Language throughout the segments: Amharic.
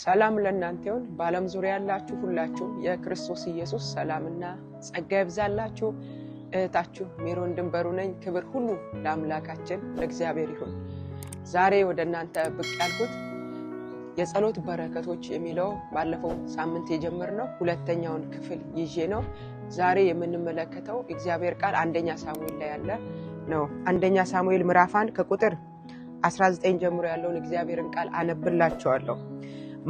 ሰላም ለእናንተ ይሁን። በዓለም ዙሪያ ያላችሁ ሁላችሁ የክርስቶስ ኢየሱስ ሰላምና ጸጋ ይብዛላችሁ። እህታችሁ ሜሮን ድንበሩ ነኝ። ክብር ሁሉ ለአምላካችን ለእግዚአብሔር ይሁን። ዛሬ ወደ እናንተ ብቅ ያልኩት የጸሎት በረከቶች የሚለው ባለፈው ሳምንት የጀመርነው ሁለተኛውን ክፍል ይዤ ነው። ዛሬ የምንመለከተው እግዚአብሔር ቃል አንደኛ ሳሙኤል ላይ ያለ ነው። አንደኛ ሳሙኤል ምዕራፍ አንድ ከቁጥር 19 ጀምሮ ያለውን እግዚአብሔርን ቃል አነብላችኋለሁ።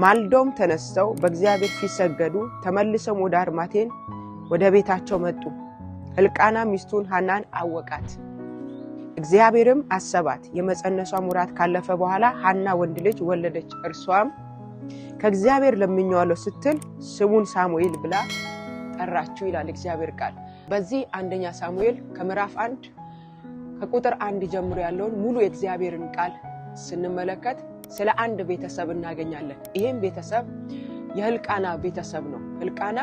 ማልዶም ተነስተው በእግዚአብሔር ፊት ሰገዱ። ተመልሰውም ወደ አርማቴን ወደ ቤታቸው መጡ። ሕልቃና ሚስቱን ሐናን አወቃት፣ እግዚአብሔርም አሰባት። የመጸነሷ ሙራት ካለፈ በኋላ ሐና ወንድ ልጅ ወለደች። እርሷም ከእግዚአብሔር ለምኜዋለሁ ስትል ስሙን ሳሙኤል ብላ ጠራችው ይላል እግዚአብሔር ቃል። በዚህ አንደኛ ሳሙኤል ከምዕራፍ አንድ ከቁጥር አንድ ጀምሮ ያለውን ሙሉ የእግዚአብሔርን ቃል ስንመለከት ስለ አንድ ቤተሰብ እናገኛለን። ይህም ቤተሰብ የህልቃና ቤተሰብ ነው። ህልቃና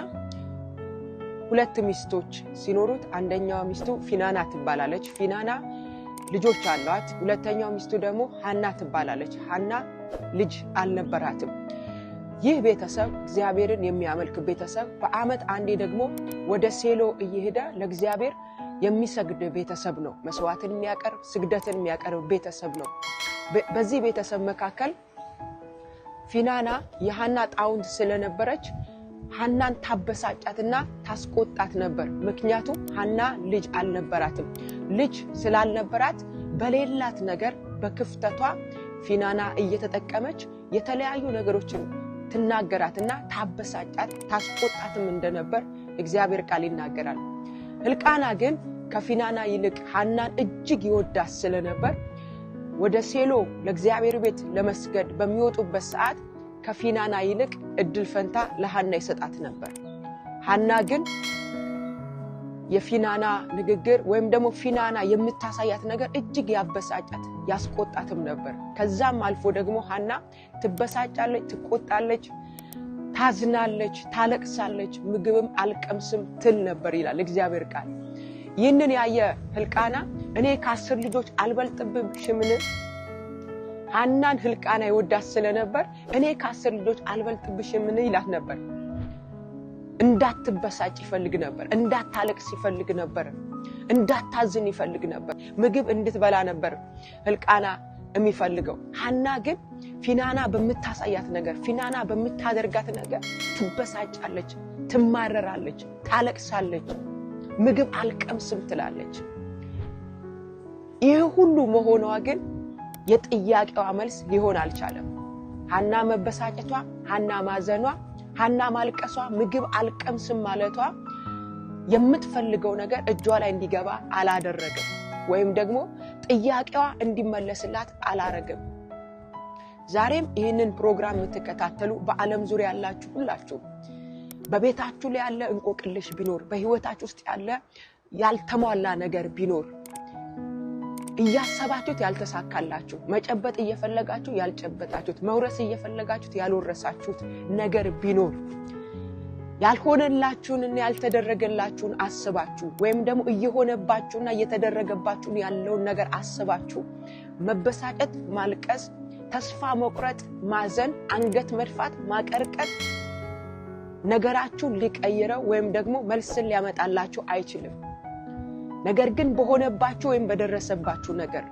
ሁለት ሚስቶች ሲኖሩት አንደኛዋ ሚስቱ ፊናና ትባላለች። ፊናና ልጆች አሏት። ሁለተኛው ሚስቱ ደግሞ ሀና ትባላለች። ሀና ልጅ አልነበራትም። ይህ ቤተሰብ እግዚአብሔርን የሚያመልክ ቤተሰብ፣ በዓመት አንዴ ደግሞ ወደ ሴሎ እየሄደ ለእግዚአብሔር የሚሰግድ ቤተሰብ ነው። መስዋዕትን የሚያቀርብ ስግደትን የሚያቀርብ ቤተሰብ ነው። በዚህ ቤተሰብ መካከል ፊናና የሀና ጣውንት ስለነበረች ሀናን ታበሳጫትና ታስቆጣት ነበር። ምክንያቱም ሀና ልጅ አልነበራትም። ልጅ ስላልነበራት በሌላት ነገር በክፍተቷ ፊናና እየተጠቀመች የተለያዩ ነገሮችን ትናገራትና ታበሳጫት ታስቆጣትም እንደነበር እግዚአብሔር ቃል ይናገራል። ህልቃና ግን ከፊናና ይልቅ ሀናን እጅግ ይወዳት ስለነበር ወደ ሴሎ ለእግዚአብሔር ቤት ለመስገድ በሚወጡበት ሰዓት ከፊናና ይልቅ እድል ፈንታ ለሃና ይሰጣት ነበር። ሃና ግን የፊናና ንግግር ወይም ደግሞ ፊናና የምታሳያት ነገር እጅግ ያበሳጫት ያስቆጣትም ነበር። ከዛም አልፎ ደግሞ ሃና ትበሳጫለች፣ ትቆጣለች፣ ታዝናለች፣ ታለቅሳለች፣ ምግብም አልቀምስም ትል ነበር ይላል እግዚአብሔር ቃል። ይህንን ያየ ህልቃና እኔ ከአስር ልጆች አልበልጥብሽምን? ሀናን ህልቃና ይወዳት ስለነበር እኔ ከአስር ልጆች አልበልጥብሽምን ይላት ነበር። እንዳትበሳጭ ይፈልግ ነበር። እንዳታለቅስ ይፈልግ ነበር። እንዳታዝን ይፈልግ ነበር። ምግብ እንድትበላ ነበር ህልቃና የሚፈልገው። ሀና ግን ፊናና በምታሳያት ነገር፣ ፊናና በምታደርጋት ነገር ትበሳጫለች፣ ትማረራለች፣ ታለቅሳለች፣ ምግብ አልቀምስም ትላለች። ይህ ሁሉ መሆኗ ግን የጥያቄዋ መልስ ሊሆን አልቻለም። ሀና መበሳጨቷ፣ ሀና ማዘኗ፣ ሀና ማልቀሷ፣ ምግብ አልቀምስም ማለቷ የምትፈልገው ነገር እጇ ላይ እንዲገባ አላደረግም፣ ወይም ደግሞ ጥያቄዋ እንዲመለስላት አላረግም። ዛሬም ይህንን ፕሮግራም የምትከታተሉ በዓለም ዙሪያ ያላችሁ ሁላችሁ በቤታችሁ ላይ ያለ እንቆቅልሽ ቢኖር በህይወታችሁ ውስጥ ያለ ያልተሟላ ነገር ቢኖር እያሰባችሁት ያልተሳካላችሁ መጨበጥ እየፈለጋችሁ ያልጨበጣችሁት መውረስ እየፈለጋችሁት ያልወረሳችሁት ነገር ቢኖር ያልሆነላችሁንና ያልተደረገላችሁን አስባችሁ ወይም ደግሞ እየሆነባችሁና እየተደረገባችሁን ያለውን ነገር አስባችሁ መበሳጨት፣ ማልቀስ፣ ተስፋ መቁረጥ፣ ማዘን፣ አንገት መድፋት፣ ማቀርቀጥ ነገራችሁን ሊቀይረው ወይም ደግሞ መልስን ሊያመጣላችሁ አይችልም። ነገር ግን በሆነባችሁ ወይም በደረሰባችሁ ነገር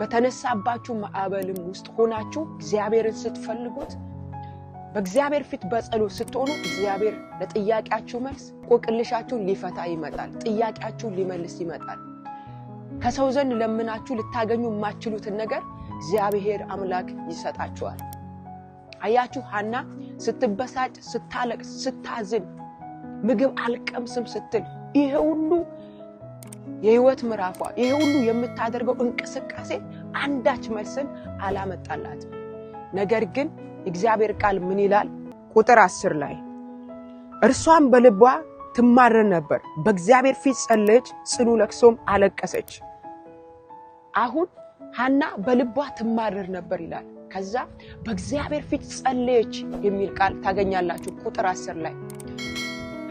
በተነሳባችሁ ማዕበልም ውስጥ ሆናችሁ እግዚአብሔርን ስትፈልጉት በእግዚአብሔር ፊት በጸሎት ስትሆኑ እግዚአብሔር ለጥያቄያችሁ መልስ ቆቅልሻችሁን ሊፈታ ይመጣል። ጥያቄያችሁን ሊመልስ ይመጣል። ከሰው ዘንድ ለምናችሁ ልታገኙ የማትችሉትን ነገር እግዚአብሔር አምላክ ይሰጣችኋል። አያችሁ፣ ሀና ስትበሳጭ፣ ስታለቅ ስታዝን፣ ምግብ አልቀምስም ስትል ይሄ ሁሉ የህይወት ምዕራፏ ይሄ ሁሉ የምታደርገው እንቅስቃሴ አንዳች መልስን አላመጣላትም። ነገር ግን እግዚአብሔር ቃል ምን ይላል? ቁጥር አስር ላይ እርሷም በልቧ ትማረን ነበር፣ በእግዚአብሔር ፊት ጸለች፣ ጽኑ ለቅሶም አለቀሰች። አሁን ሀና በልቧ ትማርር ነበር ይላል። ከዛ በእግዚአብሔር ፊት ጸለየች የሚል ቃል ታገኛላችሁ ቁጥር አስር ላይ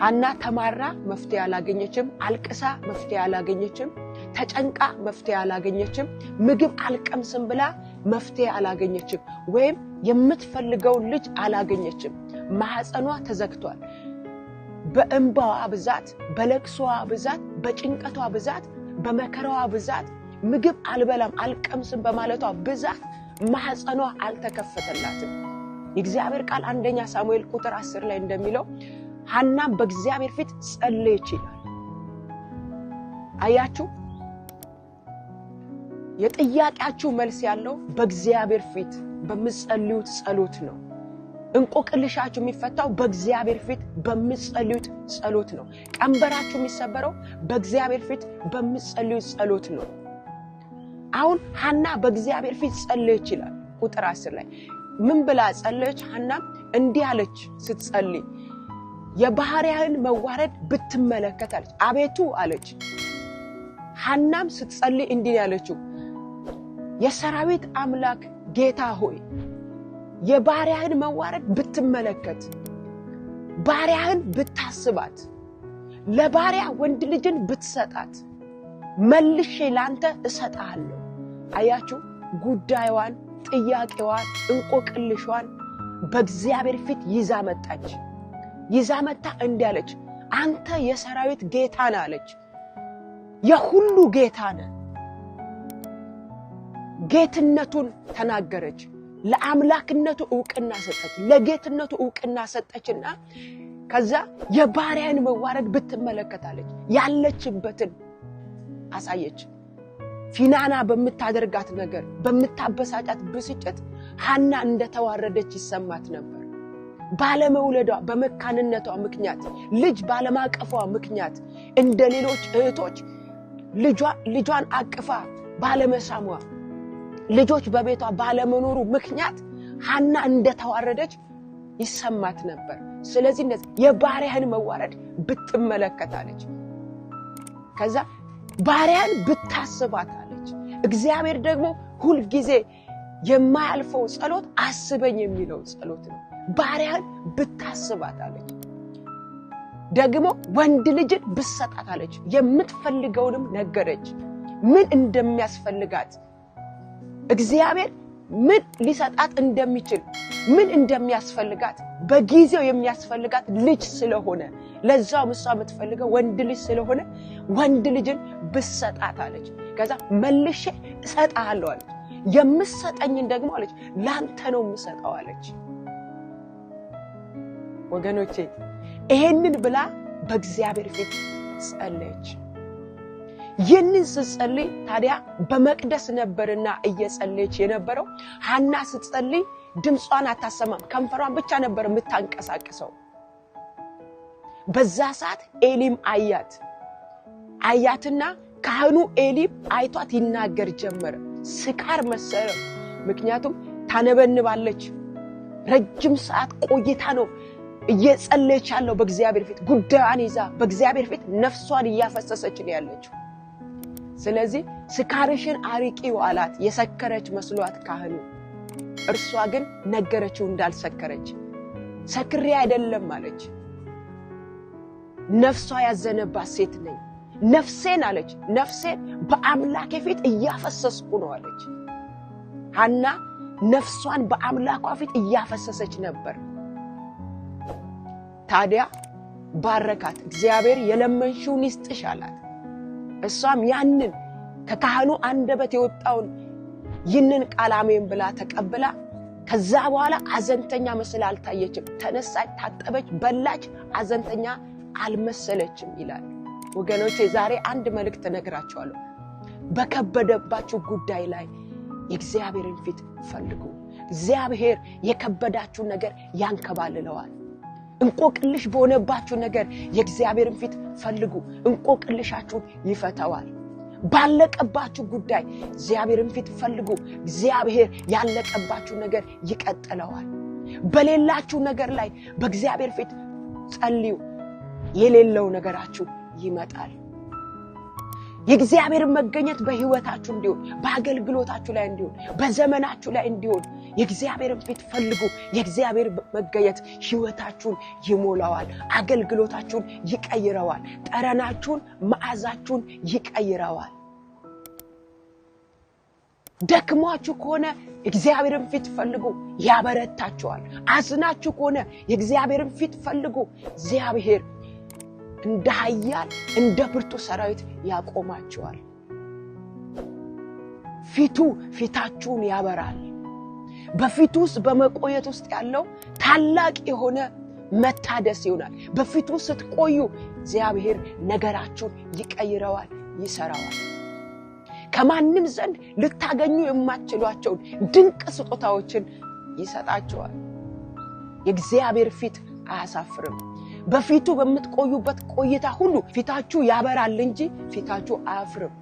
ሀና ተማራ መፍትሄ አላገኘችም። አልቅሳ መፍትሄ አላገኘችም። ተጨንቃ መፍትሄ አላገኘችም። ምግብ አልቀምስም ብላ መፍትሄ አላገኘችም፣ ወይም የምትፈልገውን ልጅ አላገኘችም። ማህፀኗ ተዘግቷል። በእንባዋ ብዛት፣ በለቅሶዋ ብዛት፣ በጭንቀቷ ብዛት፣ በመከራዋ ብዛት፣ ምግብ አልበላም አልቀምስም በማለቷ ብዛት ማህፀኗ አልተከፈተላትም። የእግዚአብሔር ቃል አንደኛ ሳሙኤል ቁጥር አስር ላይ እንደሚለው ሀናም በእግዚአብሔር ፊት ጸለየች ይላል። አያችሁ፣ የጥያቄያችሁ መልስ ያለው በእግዚአብሔር ፊት በምጸልዩት ጸሎት ነው። እንቆቅልሻችሁ የሚፈታው በእግዚአብሔር ፊት በምጸልዩት ጸሎት ነው። ቀንበራችሁ የሚሰበረው በእግዚአብሔር ፊት በምጸልዩት ጸሎት ነው። አሁን ሀና በእግዚአብሔር ፊት ጸለየች ይላል ቁጥር አስር ላይ ምን ብላ ጸለች? ሀና እንዲህ አለች ስትጸልይ የባህሪያህን መዋረድ ብትመለከት አቤቱ አለች። ሀናም ስትጸልይ እንዲህ ያለችው የሰራዊት አምላክ ጌታ ሆይ የባሪያህን መዋረድ ብትመለከት፣ ባሪያህን ብታስባት፣ ለባሪያ ወንድ ልጅን ብትሰጣት መልሼ ላንተ እሰጣለሁ አያችሁ ጉዳይዋን፣ ጥያቄዋን፣ እንቆቅልሿን በእግዚአብሔር ፊት ይዛ መጣች። ይዛ መታ እንዲህ አለች፣ አንተ የሰራዊት ጌታ ነህ አለች። የሁሉ ጌታ ነህ። ጌትነቱን ተናገረች። ለአምላክነቱ እውቅና ሰጠች፣ ለጌትነቱ እውቅና ሰጠችና ከዛ የባሪያን መዋረድ ብትመለከታለች ያለችበትን አሳየች። ፊናና በምታደርጋት ነገር በምታበሳጫት ብስጭት ሀና እንደተዋረደች ይሰማት ነበር። ባለመውለዷ በመካንነቷ ምክንያት ልጅ ባለማቀፏ ምክንያት እንደ ሌሎች እህቶች ልጇን አቅፋ ባለመሳሟ ልጆች በቤቷ ባለመኖሩ ምክንያት ሀና እንደተዋረደች ይሰማት ነበር። ስለዚህ የባሪያህን መዋረድ ብትመለከታለች፣ ከዛ ባሪያን ብታስባታለች። እግዚአብሔር ደግሞ ሁልጊዜ የማያልፈው ጸሎት አስበኝ የሚለው ጸሎት ነው። ባሪያን ብታስባት አለች። ደግሞ ወንድ ልጅን ብሰጣት አለች። የምትፈልገውንም ነገረች፣ ምን እንደሚያስፈልጋት እግዚአብሔር ምን ሊሰጣት እንደሚችል ምን እንደሚያስፈልጋት በጊዜው የሚያስፈልጋት ልጅ ስለሆነ ለዛው እሷ የምትፈልገው ወንድ ልጅ ስለሆነ ወንድ ልጅን ብሰጣት አለች። ከዛ መልሼ እሰጥሃለሁ አለች። የምሰጠኝን ደግሞ አለች ለአንተ ነው የምሰጠው አለች። ወገኖቼ ይሄንን ብላ በእግዚአብሔር ፊት ጸለች ይህንን ስጸልይ ታዲያ በመቅደስ ነበርና እየጸለየች የነበረው። ሀና ስጸልይ ድምጿን አታሰማም፣ ከንፈሯን ብቻ ነበር የምታንቀሳቅሰው። በዛ ሰዓት ኤሊም አያት አያትና ካህኑ ኤሊም አይቷት ይናገር ጀመረ። ስካር መሰለው። ምክንያቱም ታነበንባለች። ረጅም ሰዓት ቆይታ ነው እየጸለች ያለው በእግዚአብሔር ፊት ጉዳዩን ይዛ በእግዚአብሔር ፊት ነፍሷን እያፈሰሰች ነው ያለችው። ስለዚህ ስካርሽን አሪቂ አላት። የሰከረች መስሏት ካህኑ፣ እርሷ ግን ነገረችው እንዳልሰከረች። ሰክሬ አይደለም አለች። ነፍሷ ያዘነባት ሴት ነኝ ነፍሴን አለች ነፍሴን በአምላኬ ፊት እያፈሰስኩ ነው አለች ሀና ነፍሷን በአምላኳ ፊት እያፈሰሰች ነበር። ታዲያ ባረካት፣ እግዚአብሔር የለመንሽውን ይስጥሽ አላት። እሷም ያንን ከካህኑ አንደበት የወጣውን ይህንን ቃል አሜን ብላ ተቀብላ ከዛ በኋላ አዘንተኛ መስል አልታየችም። ተነሳች፣ ታጠበች፣ በላች፣ አዘንተኛ አልመሰለችም ይላል። ወገኖቼ ዛሬ አንድ መልእክት እነግራቸዋለሁ። በከበደባችሁ ጉዳይ ላይ የእግዚአብሔርን ፊት ፈልጉ። እግዚአብሔር የከበዳችሁ ነገር ያንከባልለዋል። እንቆቅልሽ በሆነባችሁ ነገር የእግዚአብሔርን ፊት ፈልጉ። እንቆቅልሻችሁን ይፈተዋል። ባለቀባችሁ ጉዳይ እግዚአብሔርን ፊት ፈልጉ። እግዚአብሔር ያለቀባችሁ ነገር ይቀጥለዋል። በሌላችሁ ነገር ላይ በእግዚአብሔር ፊት ጸልዩ። የሌለው ነገራችሁ ይመጣል። የእግዚአብሔር መገኘት በህይወታችሁ እንዲሆን፣ በአገልግሎታችሁ ላይ እንዲሆን፣ በዘመናችሁ ላይ እንዲሆን የእግዚአብሔርን ፊት ፈልጉ። የእግዚአብሔር መገኘት ህይወታችሁን ይሞላዋል፣ አገልግሎታችሁን ይቀይረዋል፣ ጠረናችሁን፣ መዓዛችሁን ይቀይረዋል። ደክሟችሁ ከሆነ እግዚአብሔርን ፊት ፈልጉ፣ ያበረታችኋል። አዝናችሁ ከሆነ የእግዚአብሔርን ፊት ፈልጉ፣ እግዚአብሔር እንደ ሀያል እንደ ብርቱ ሰራዊት ያቆማቸዋል። ፊቱ ፊታችሁን ያበራል። በፊቱ ውስጥ በመቆየት ውስጥ ያለው ታላቅ የሆነ መታደስ ይሆናል። በፊቱ ስትቆዩ እግዚአብሔር ነገራችሁን ይቀይረዋል፣ ይሰራዋል። ከማንም ዘንድ ልታገኙ የማትችሏቸውን ድንቅ ስጦታዎችን ይሰጣቸዋል። የእግዚአብሔር ፊት አያሳፍርም። በፊቱ በምትቆዩበት ቆይታ ሁሉ ፊታችሁ ያበራል እንጂ ፊታችሁ አያፍርም።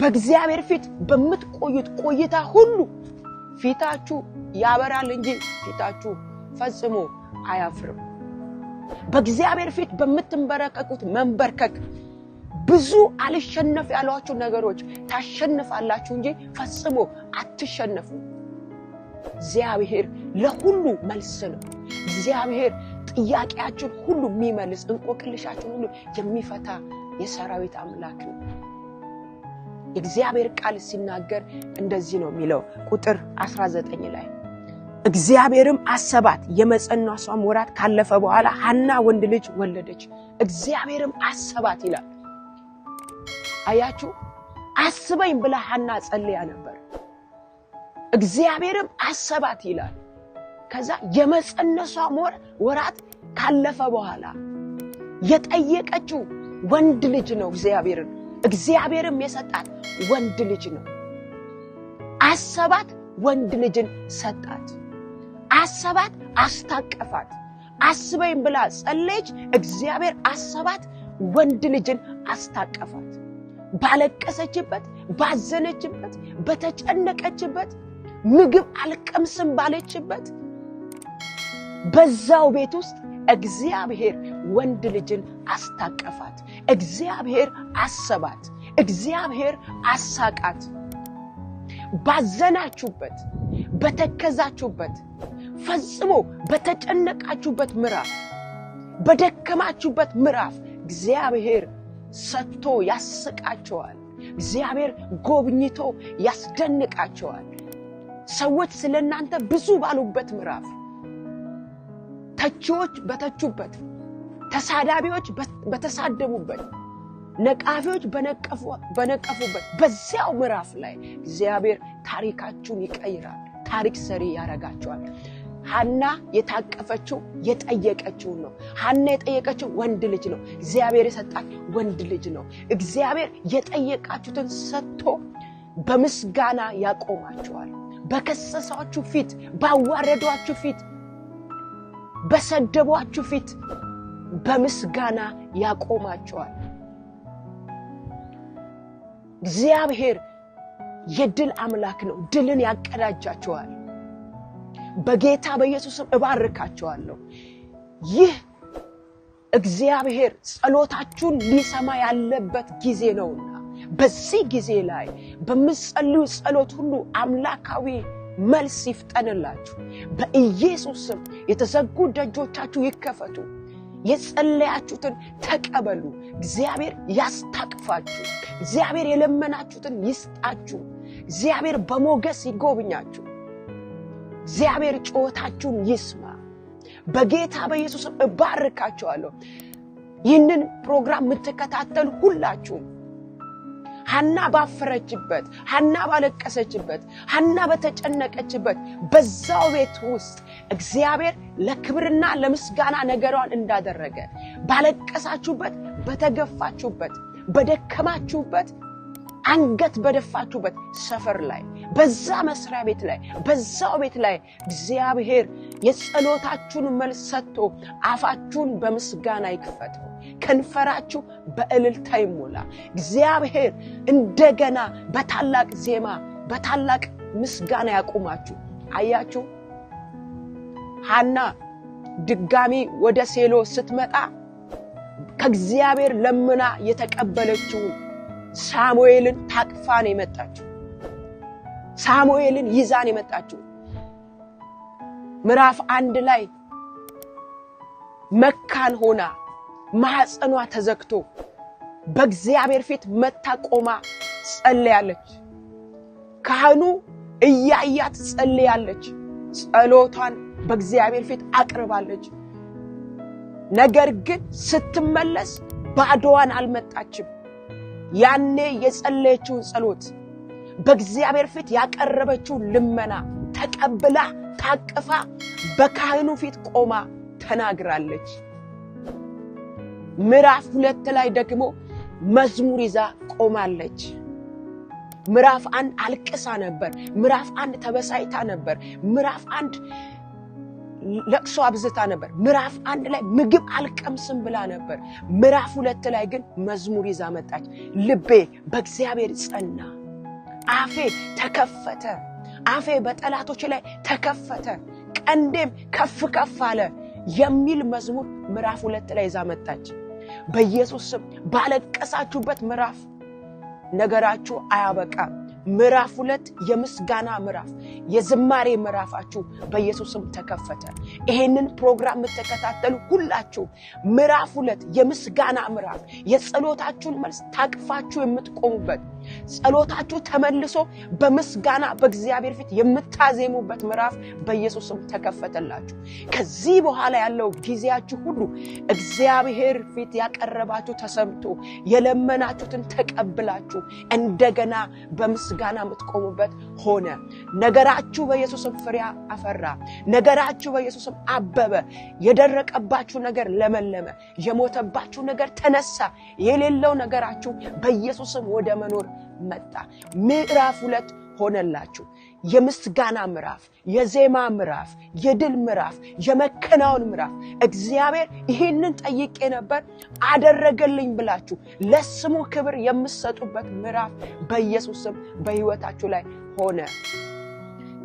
በእግዚአብሔር ፊት በምትቆዩት ቆይታ ሁሉ ፊታችሁ ያበራል እንጂ ፊታችሁ ፈጽሞ አያፍርም። በእግዚአብሔር ፊት በምትንበረከቁት መንበርከክ ብዙ አልሸነፍ ያሏችሁ ነገሮች ታሸንፋላችሁ እንጂ ፈጽሞ አትሸነፉ እግዚአብሔር ለሁሉ መልስ ነው። እግዚአብሔር ጥያቄያችን ሁሉ የሚመልስ እንቆቅልሻችን ሁሉ የሚፈታ የሰራዊት አምላክ ነው። የእግዚአብሔር ቃል ሲናገር እንደዚህ ነው የሚለው ቁጥር 19 ላይ እግዚአብሔርም አሰባት፣ ሷም ወራት ካለፈ በኋላ ሀና ወንድ ልጅ ወለደች። እግዚአብሔርም አሰባት ይላል። አያችሁ፣ አስበኝ ብላ ሀና ጸልያ ነበር። እግዚአብሔርም አሰባት ይላል። ከዛ የመጸነሷ ወራት ካለፈ በኋላ የጠየቀችው ወንድ ልጅ ነው እግዚአብሔርን እግዚአብሔርም የሰጣት ወንድ ልጅ ነው። አሰባት፣ ወንድ ልጅን ሰጣት። አሰባት፣ አስታቀፋት። አስበኝ ብላ ጸለየች። እግዚአብሔር አሰባት፣ ወንድ ልጅን አስታቀፋት። ባለቀሰችበት፣ ባዘነችበት፣ በተጨነቀችበት፣ ምግብ አልቀምስም ባለችበት በዛው ቤት ውስጥ እግዚአብሔር ወንድ ልጅን አስታቀፋት። እግዚአብሔር አሰባት። እግዚአብሔር አሳቃት። ባዘናችሁበት፣ በተከዛችሁበት፣ ፈጽሞ በተጨነቃችሁበት ምዕራፍ፣ በደከማችሁበት ምዕራፍ እግዚአብሔር ሰጥቶ ያስቃቸዋል። እግዚአብሔር ጎብኝቶ ያስደንቃቸዋል። ሰዎች ስለ እናንተ ብዙ ባሉበት ምዕራፍ ተቺዎች በተቹበት፣ ተሳዳቢዎች በተሳደቡበት፣ ነቃፊዎች በነቀፉበት በዚያው ምዕራፍ ላይ እግዚአብሔር ታሪካችሁን ይቀይራል። ታሪክ ሰሪ ያረጋቸዋል። ሀና የታቀፈችው የጠየቀችውን ነው። ሀና የጠየቀችው ወንድ ልጅ ነው። እግዚአብሔር የሰጣት ወንድ ልጅ ነው። እግዚአብሔር የጠየቃችሁትን ሰጥቶ በምስጋና ያቆማችኋል። በከሰሳችሁ ፊት፣ ባዋረዷችሁ ፊት በሰደቧችሁ ፊት በምስጋና ያቆማቸዋል። እግዚአብሔር የድል አምላክ ነው። ድልን ያቀዳጃቸዋል። በጌታ በኢየሱስም እባርካቸዋለሁ። ይህ እግዚአብሔር ጸሎታችሁን ሊሰማ ያለበት ጊዜ ነውና በዚህ ጊዜ ላይ በምትጸልዩ ጸሎት ሁሉ አምላካዊ መልስ ይፍጠንላችሁ። በኢየሱስ ስም የተዘጉ ደጆቻችሁ ይከፈቱ። የጸለያችሁትን ተቀበሉ። እግዚአብሔር ያስታቅፋችሁ። እግዚአብሔር የለመናችሁትን ይስጣችሁ። እግዚአብሔር በሞገስ ይጎብኛችሁ። እግዚአብሔር ጩኸታችሁን ይስማ። በጌታ በኢየሱስም እባርካችኋለሁ። ይህንን ፕሮግራም የምትከታተሉ ሁላችሁም ሃና ባፈረችበት፣ ሀና ባለቀሰችበት፣ ሀና በተጨነቀችበት በዛው ቤት ውስጥ እግዚአብሔር ለክብርና ለምስጋና ነገሯን እንዳደረገ ባለቀሳችሁበት፣ በተገፋችሁበት፣ በደከማችሁበት አንገት በደፋችሁበት ሰፈር ላይ በዛ መስሪያ ቤት ላይ በዛው ቤት ላይ እግዚአብሔር የጸሎታችሁን መልስ ሰጥቶ አፋችሁን በምስጋና ይክፈት። ከንፈራችሁ በእልልታ ይሞላ። እግዚአብሔር እንደገና በታላቅ ዜማ በታላቅ ምስጋና ያቁማችሁ። አያችሁ ሐና ድጋሚ ወደ ሴሎ ስትመጣ ከእግዚአብሔር ለምና የተቀበለችውን ሳሙኤልን ታቅፋ ነው የመጣችው። ሳሙኤልን ይዛ ነው የመጣችው። ምዕራፍ አንድ ላይ መካን ሆና ማኅፀኗ ተዘግቶ በእግዚአብሔር ፊት መታ ቆማ ጸለያለች። ካህኑ እያያት ጸልያለች። ጸሎቷን በእግዚአብሔር ፊት አቅርባለች። ነገር ግን ስትመለስ ባዶዋን አልመጣችም። ያኔ የጸለየችውን ጸሎት በእግዚአብሔር ፊት ያቀረበችው ልመና ተቀብላ ታቅፋ በካህኑ ፊት ቆማ ተናግራለች። ምዕራፍ ሁለት ላይ ደግሞ መዝሙር ይዛ ቆማለች። ምዕራፍ አንድ አልቅሳ ነበር። ምዕራፍ አንድ ተበሳይታ ነበር። ምዕራፍ አንድ ለቅሶ አብዝታ ነበር። ምዕራፍ አንድ ላይ ምግብ አልቀምስም ብላ ነበር። ምዕራፍ ሁለት ላይ ግን መዝሙር ይዛ መጣች። ልቤ በእግዚአብሔር ጸና፣ አፌ ተከፈተ፣ አፌ በጠላቶች ላይ ተከፈተ፣ ቀንዴም ከፍ ከፍ አለ የሚል መዝሙር ምዕራፍ ሁለት ላይ ይዛ መጣች። በኢየሱስ ስም ባለቀሳችሁበት ምዕራፍ ነገራችሁ አያበቃም። ምዕራፍ ሁለት የምስጋና ምዕራፍ፣ የዝማሬ ምዕራፋችሁ በኢየሱስ ስም ተከፈተ። ይሄንን ፕሮግራም የምትከታተሉ ሁላችሁ ምዕራፍ ሁለት የምስጋና ምዕራፍ የጸሎታችሁን መልስ ታቅፋችሁ የምትቆሙበት ጸሎታችሁ ተመልሶ በምስጋና በእግዚአብሔር ፊት የምታዜሙበት ምዕራፍ በኢየሱስም ተከፈተላችሁ። ከዚህ በኋላ ያለው ጊዜያችሁ ሁሉ እግዚአብሔር ፊት ያቀረባችሁ ተሰምቶ የለመናችሁትን ተቀብላችሁ እንደገና በምስጋና የምትቆሙበት ሆነ። ነገራችሁ በኢየሱስም ፍሬያ አፈራ። ነገራችሁ በኢየሱስም አበበ። የደረቀባችሁ ነገር ለመለመ። የሞተባችሁ ነገር ተነሳ። የሌለው ነገራችሁ በኢየሱስም ወደ መኖር መጣ። ምዕራፍ ሁለት ሆነላችሁ። የምስጋና ምዕራፍ፣ የዜማ ምዕራፍ፣ የድል ምዕራፍ፣ የመከናወን ምዕራፍ። እግዚአብሔር ይህንን ጠይቄ ነበር አደረገልኝ ብላችሁ ለስሙ ክብር የምሰጡበት ምዕራፍ በኢየሱስ ስም በሕይወታችሁ ላይ ሆነ።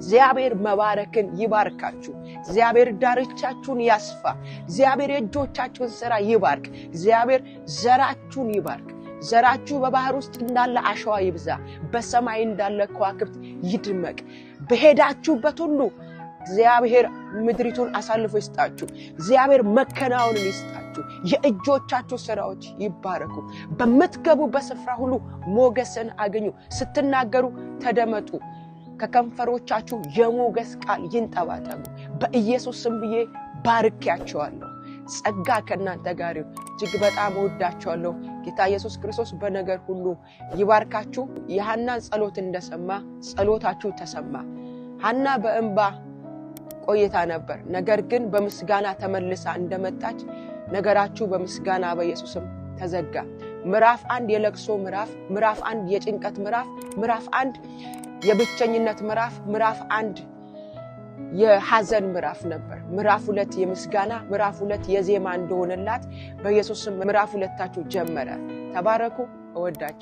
እግዚአብሔር መባረክን ይባርካችሁ። እግዚአብሔር ዳርቻችሁን ያስፋ። እግዚአብሔር የእጆቻችሁን ስራ ይባርክ። እግዚአብሔር ዘራችሁን ይባርክ። ዘራችሁ በባህር ውስጥ እንዳለ አሸዋ ይብዛ፣ በሰማይ እንዳለ ከዋክብት ይድመቅ። በሄዳችሁበት ሁሉ እግዚአብሔር ምድሪቱን አሳልፎ ይስጣችሁ። እግዚአብሔር መከናወንን ይስጣችሁ። የእጆቻችሁ ስራዎች ይባረኩ። በምትገቡበት ስፍራ ሁሉ ሞገስን አገኙ። ስትናገሩ ተደመጡ። ከከንፈሮቻችሁ የሞገስ ቃል ይንጠባጠቡ። በኢየሱስ ስም ብዬ ባርኪያቸዋለሁ። ጸጋ ከእናንተ ጋር እጅግ በጣም እወዳቸዋለሁ። ጌታ ኢየሱስ ክርስቶስ በነገር ሁሉ ይባርካችሁ። የሀና ጸሎት እንደሰማ ጸሎታችሁ ተሰማ። ሀና በእንባ ቆይታ ነበር፣ ነገር ግን በምስጋና ተመልሳ እንደመጣች ነገራችሁ በምስጋና በኢየሱስም ተዘጋ። ምዕራፍ አንድ የለቅሶ ምዕራፍ፣ ምዕራፍ አንድ የጭንቀት ምዕራፍ፣ ምዕራፍ አንድ የብቸኝነት ምዕራፍ፣ ምዕራፍ አንድ የሐዘን ምዕራፍ ነበር። ምዕራፍ ሁለት የምስጋና ምዕራፍ ሁለት የዜማ እንደሆነላት በኢየሱስም ምዕራፍ ሁለታችሁ ጀመረ። ተባረኩ። እወዳችሁ።